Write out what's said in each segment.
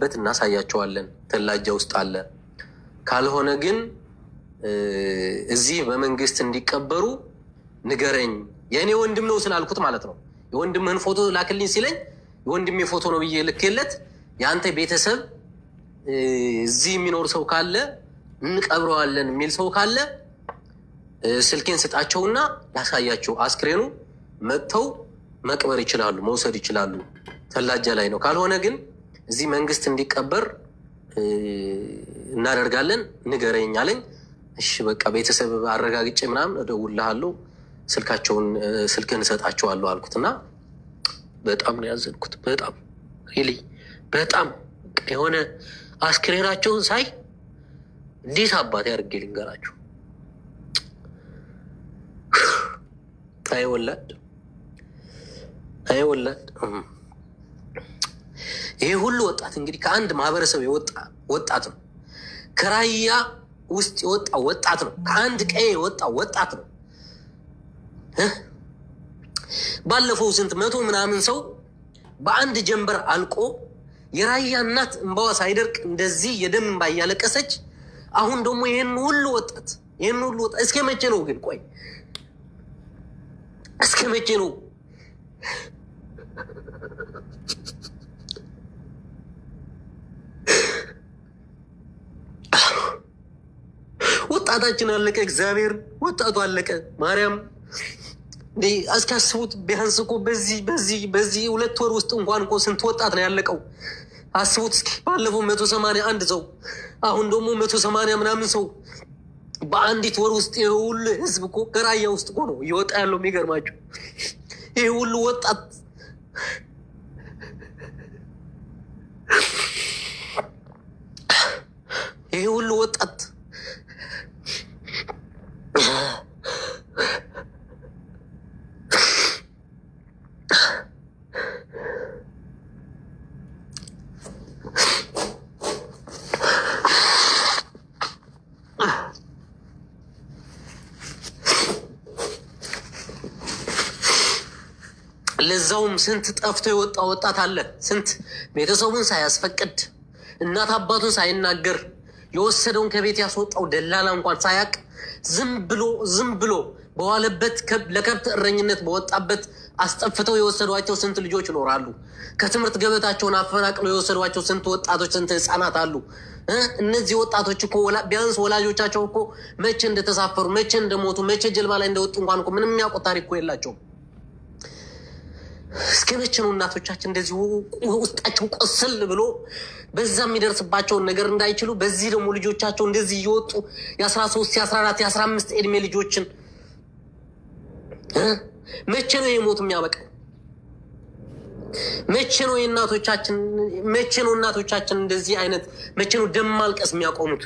በት እናሳያቸዋለን። ተላጃ ውስጥ አለ። ካልሆነ ግን እዚህ በመንግስት እንዲቀበሩ ንገረኝ። የእኔ ወንድም ነው ስላልኩት ማለት ነው። የወንድምህን ፎቶ ላክልኝ ሲለኝ የወንድሜ ፎቶ ነው ብዬ ልክለት፣ የአንተ ቤተሰብ እዚህ የሚኖር ሰው ካለ እንቀብረዋለን የሚል ሰው ካለ ስልኬን ስጣቸውና ላሳያቸው። አስክሬኑ መጥተው መቅበር ይችላሉ፣ መውሰድ ይችላሉ። ተላጃ ላይ ነው። ካልሆነ ግን እዚህ መንግስት እንዲቀበር እናደርጋለን ንገረኝ አለኝ። እሺ በቃ ቤተሰብ አረጋግጬ ምናምን እደውልልሃለሁ ስልካቸውን ስልክህን እሰጣቸዋለሁ አልኩት እና በጣም ነው ያዘንኩት። በጣም ሪሊ በጣም የሆነ አስክሬናቸውን ሳይ እንዴት አባት አድርጌ ልንገራቸው። ታይ ወላድ ታይ ወላድ ይሄ ሁሉ ወጣት እንግዲህ ከአንድ ማህበረሰብ የወጣ ወጣት ነው። ከራያ ውስጥ የወጣ ወጣት ነው። ከአንድ ቀዬ የወጣ ወጣት ነው። ባለፈው ስንት መቶ ምናምን ሰው በአንድ ጀንበር አልቆ የራያ እናት እንባዋ ሳይደርቅ እንደዚህ የደም እንባ እያለቀሰች አሁን ደግሞ ይህን ሁሉ ወጣት ይህን ሁሉ ወጣት እስከ መቼ ነው ግን? ቆይ እስከ መቼ ነው ወጣታችን አለቀ። እግዚአብሔር ወጣቱ አለቀ። ማርያም እስኪ አስቡት። ቢያንስ እኮ በዚህ በዚህ በዚህ ሁለት ወር ውስጥ እንኳን እኮ ስንት ወጣት ነው ያለቀው? አስቡት እስኪ ባለፈው መቶ ሰማንያ አንድ ሰው አሁን ደግሞ መቶ ሰማንያ ምናምን ሰው በአንዲት ወር ውስጥ ይህ ሁሉ ህዝብ እኮ ገራያ ውስጥ እኮ ነው እየወጣ ያለው። የሚገርማቸው ይህ ሁሉ ወጣት ይህ ሁሉ ወጣት ለዛውም ስንት ጠፍቶ የወጣ ወጣት አለ። ስንት ቤተሰቡን ሳያስፈቅድ እናት አባቱን ሳይናገር የወሰደውን ከቤት ያስወጣው ደላላ እንኳን ሳያውቅ ዝም ብሎ ዝም ብሎ በዋለበት ለከብት እረኝነት በወጣበት አስጠፍተው የወሰዷቸው ስንት ልጆች ይኖራሉ። ከትምህርት ገበታቸውን አፈናቅለው የወሰዷቸው ስንት ወጣቶች፣ ስንት ህፃናት አሉ። እነዚህ ወጣቶች እኮ ቢያንስ ወላጆቻቸው እኮ መቼ እንደተሳፈሩ፣ መቼ እንደሞቱ፣ መቼ ጀልባ ላይ እንደወጡ እንኳን ምንም የሚያውቁት ታሪክ እኮ የላቸውም። እስከ መቼ ነው እናቶቻችን እንደዚህ ውስጣቸው ቆስል ብሎ በዛ የሚደርስባቸውን ነገር እንዳይችሉ በዚህ ደግሞ ልጆቻቸው እንደዚህ እየወጡ የአስራ ሶስት የአስራ አራት የአስራ አምስት ዕድሜ ልጆችን መቼ ነው የሞት የሚያበቃው? መቼ ነው የእናቶቻችን መቼ ነው እናቶቻችን እንደዚህ አይነት መቼ ነው ደም ማልቀስ የሚያቆሙት?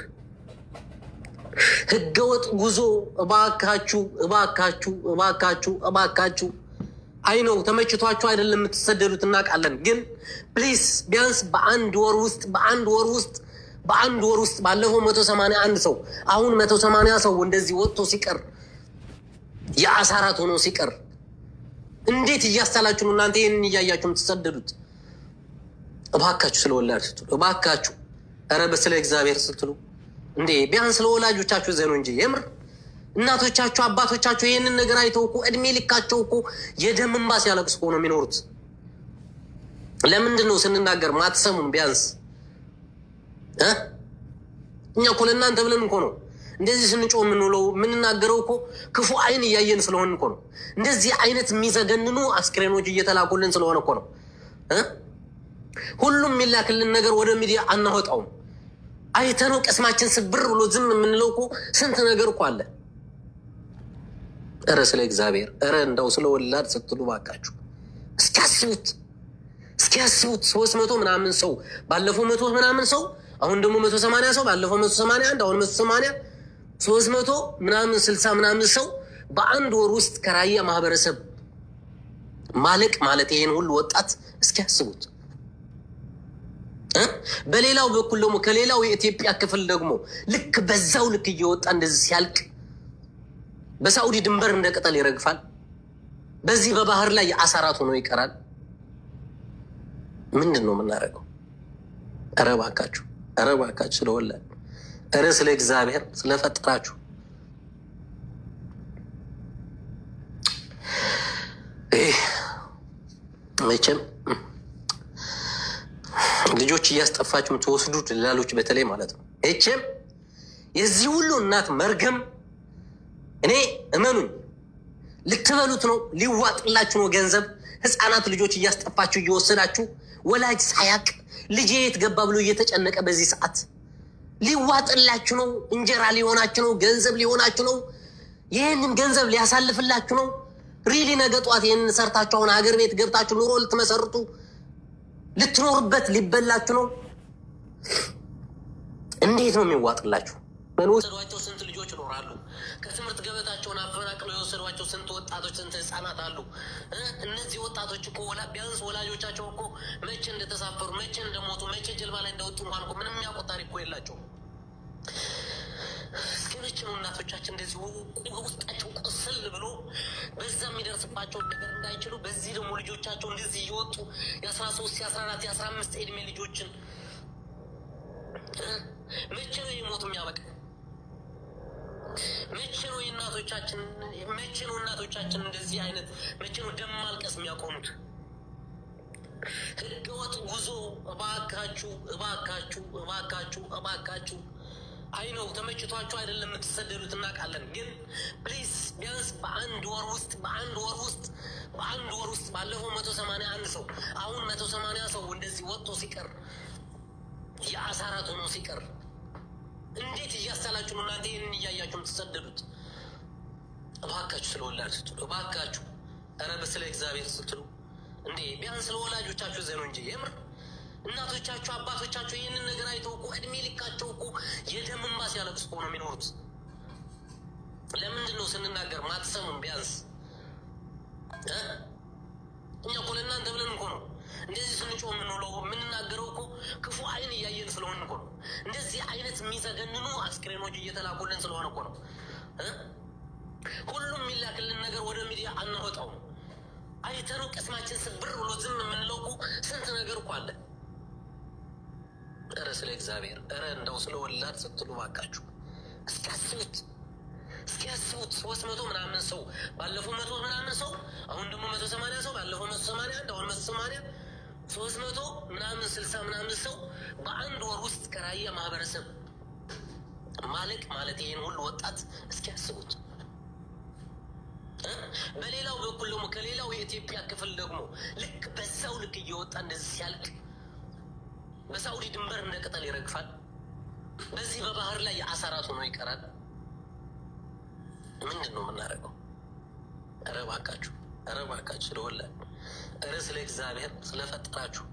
ህገወጥ ጉዞ እባካችሁ እባካችሁ እባካችሁ እባካችሁ አይ ነው ተመችቷቸው አይደለም የምትሰደዱት እናውቃለን። ግን ፕሊስ ቢያንስ በአንድ ወር ውስጥ በአንድ ወር ውስጥ በአንድ ወር ውስጥ ባለፈው መቶ ሰማንያ አንድ ሰው አሁን መቶ ሰማንያ ሰው እንደዚህ ወጥቶ ሲቀር የአሳራት ሆኖ ሲቀር እንዴት እያስታላችሁ ነው እናንተ ይህንን እያያችሁ የምትሰደዱት? እባካችሁ ስለ ስትሉ እባካችሁ፣ ኧረ በስለ እግዚአብሔር ስትሉ እንዴ ቢያንስ ለወላጆቻችሁ ዘኑ እንጂ የምር እናቶቻቸው አባቶቻቸው ይህንን ነገር አይተው እኮ እድሜ ልካቸው እኮ የደም እንባ ሲያለቅስ እኮ ነው የሚኖሩት። ለምንድን ነው ስንናገር ማትሰሙን? ቢያንስ እኛ እኮ ለእናንተ ብለን እኮ ነው እንደዚህ ስንጮ የምንውለው የምንናገረው እኮ ክፉ አይን እያየን ስለሆን እኮ ነው። እንደዚህ አይነት የሚዘገንኑ አስክሬኖች እየተላኩልን ስለሆነ እኮ ነው። ሁሉም የሚላክልን ነገር ወደ ሚዲያ አናወጣውም። አይተነው ቀስማችን ስብር ብሎ ዝም የምንለው እኮ ስንት ነገር እኮ አለ። እረ ስለ እግዚአብሔር እረ እንዳው ስለ ወላድ ስትሉ ባካችሁ እስኪያስቡት እስኪያስቡት ሶስት መቶ ምናምን ሰው ባለፈው መቶ ምናምን ሰው አሁን ደግሞ መቶ ሰማንያ ሰው ባለፈው መቶ ሰማንያ አንድ አሁን መቶ ሰማንያ ሶስት መቶ ምናምን ስልሳ ምናምን ሰው በአንድ ወር ውስጥ ከራያ ማህበረሰብ ማለቅ ማለት ይሄን ሁሉ ወጣት እስኪያስቡት። በሌላው በኩል ደግሞ ከሌላው የኢትዮጵያ ክፍል ደግሞ ልክ በዛው ልክ እየወጣ እንደዚህ ሲያልቅ በሳዑዲ ድንበር እንደ ቅጠል ይረግፋል። በዚህ በባህር ላይ አሳራት ሆኖ ይቀራል። ምንድን ነው የምናደርገው? እረ እባካችሁ፣ እረ እባካችሁ፣ ስለወላሂ እረ ስለ እግዚአብሔር ስለፈጠራችሁ መቼም ልጆች እያስጠፋችሁ የምትወስዱ ድላሎች በተለይ ማለት ነው መቼም የዚህ ሁሉ እናት መርገም እኔ እመኑኝ፣ ልትበሉት ነው፣ ሊዋጥላችሁ ነው ገንዘብ። ህፃናት ልጆች እያስጠፋችሁ እየወሰዳችሁ ወላጅ ሳያቅ ልጄ የት ገባ ብሎ እየተጨነቀ በዚህ ሰዓት ሊዋጥላችሁ ነው፣ እንጀራ ሊሆናችሁ ነው፣ ገንዘብ ሊሆናችሁ ነው፣ ይህንን ገንዘብ ሊያሳልፍላችሁ ነው። ሪሊ ነገ ጠዋት ይህንን ሰርታችሁ አሁን ሀገር ቤት ገብታችሁ ኑሮ ልትመሰርቱ ልትኖርበት ሊበላችሁ ነው። እንዴት ነው የሚዋጥላችሁ? የወሰዷቸው ስንት ልጆች ይኖራሉ? ከትምህርት ገበታቸውን አፈናቅለው የወሰዷቸው ስንት ወጣቶች፣ ስንት ህጻናት አሉ? እነዚህ ወጣቶች እኮ ቢያንስ ወላጆቻቸው እኮ መቼ እንደተሳፈሩ፣ መቼ እንደሞቱ፣ መቼ ጀልባ ላይ እንደወጡ እንኳን እኮ ምንም የሚያውቁት ታሪክ እኮ የላቸው። እስኪ መቼ ነው እናቶቻችን እንደዚህ ውስጣቸው ቆስል ብሎ በዛ የሚደርስባቸው ነገር እንዳይችሉ፣ በዚህ ደግሞ ልጆቻቸው እንደዚህ እየወጡ የአስራ ሶስት የአስራ አራት የአስራ አምስት ዕድሜ ልጆችን መቼ ነው የሞቱ የሚያበቃ መቼ ነው የእናቶቻችን መቼ ነው እናቶቻችን እንደዚህ አይነት መቼ ነው ደም ማልቀስ የሚያቆሙት? ህገወጥ ጉዞ እባካችሁ፣ እባካችሁ፣ እባካችሁ፣ እባካችሁ አይነው ተመችቷችሁ አይደለም የምትሰደዱት፣ እናውቃለን። ግን ፕሊስ ቢያንስ በአንድ ወር ውስጥ በአንድ ወር ውስጥ በአንድ ወር ውስጥ ባለፈው መቶ ሰማንያ አንድ ሰው አሁን መቶ ሰማንያ ሰው እንደዚህ ወጥቶ ሲቀር የአሳራት ሆኖ ሲቀር እንዴት እያስተላችሁ ነው እናንተ ይህንን እያያችሁ የምትሰደዱት? እባካችሁ ስለ ወላጅ ስትሉ እባካችሁ፣ ኧረ በስለ እግዚአብሔር ስትሉ እንዴ ቢያንስ ስለ ወላጆቻችሁ ዘኑ እንጂ የምር እናቶቻችሁ አባቶቻችሁ ይህንን ነገር አይተው እኮ እድሜ ልካቸው እኮ የደም እንባ ሲያለቅሱ ነው የሚኖሩት። ለምንድን ነው ስንናገር ማትሰሙን? ቢያንስ እኛ እኮ ለእናንተ ብለን እኮ ነው እንደዚህ ስንጮ የምንውለው የምንናገረው እኮ ክፉ አይን እያየን ስለሆን እኮ ነው። እንደዚህ አይነት የሚዘገንኑ አስክሬኖች እየተላኩልን ስለሆነ እኮ ነው። ሁሉም የሚላክልን ነገር ወደ ሚዲያ አናወጣው። አይተነው ቅስማችን ስብር ብሎ ዝም የምንለው እኮ ስንት ነገር እኮ አለ። ኧረ ስለ እግዚአብሔር፣ ረ እንደው ስለ ወላድ ስትሉ ባካችሁ እስኪያስቡት እስኪያስቡት ሶስት መቶ ምናምን ሰው ባለፈው መቶ ምናምን ሰው አሁን ደግሞ መቶ ሰማንያ ሰው ባለፈው መቶ ሰማንያ አንድ አሁን መቶ ሰማንያ ሶስት መቶ ምናምን ስልሳ ምናምን ሰው በአንድ ወር ውስጥ ከራያ ማህበረሰብ ማለቅ ማለት ይህን ሁሉ ወጣት እስኪያስቡት። በሌላው በኩል ደግሞ ከሌላው የኢትዮጵያ ክፍል ደግሞ ልክ በዛው ልክ እየወጣ እንደዚህ ሲያልቅ በሳውዲ ድንበር እንደ ቅጠል ይረግፋል። በዚህ በባህር ላይ የአሳራት ሆኖ ይቀራል። ምንድን ነው የምናደርገው? እረ እባካችሁ፣ ስለወላ ርስ ለእግዚአብሔር ስለፈጠራችሁ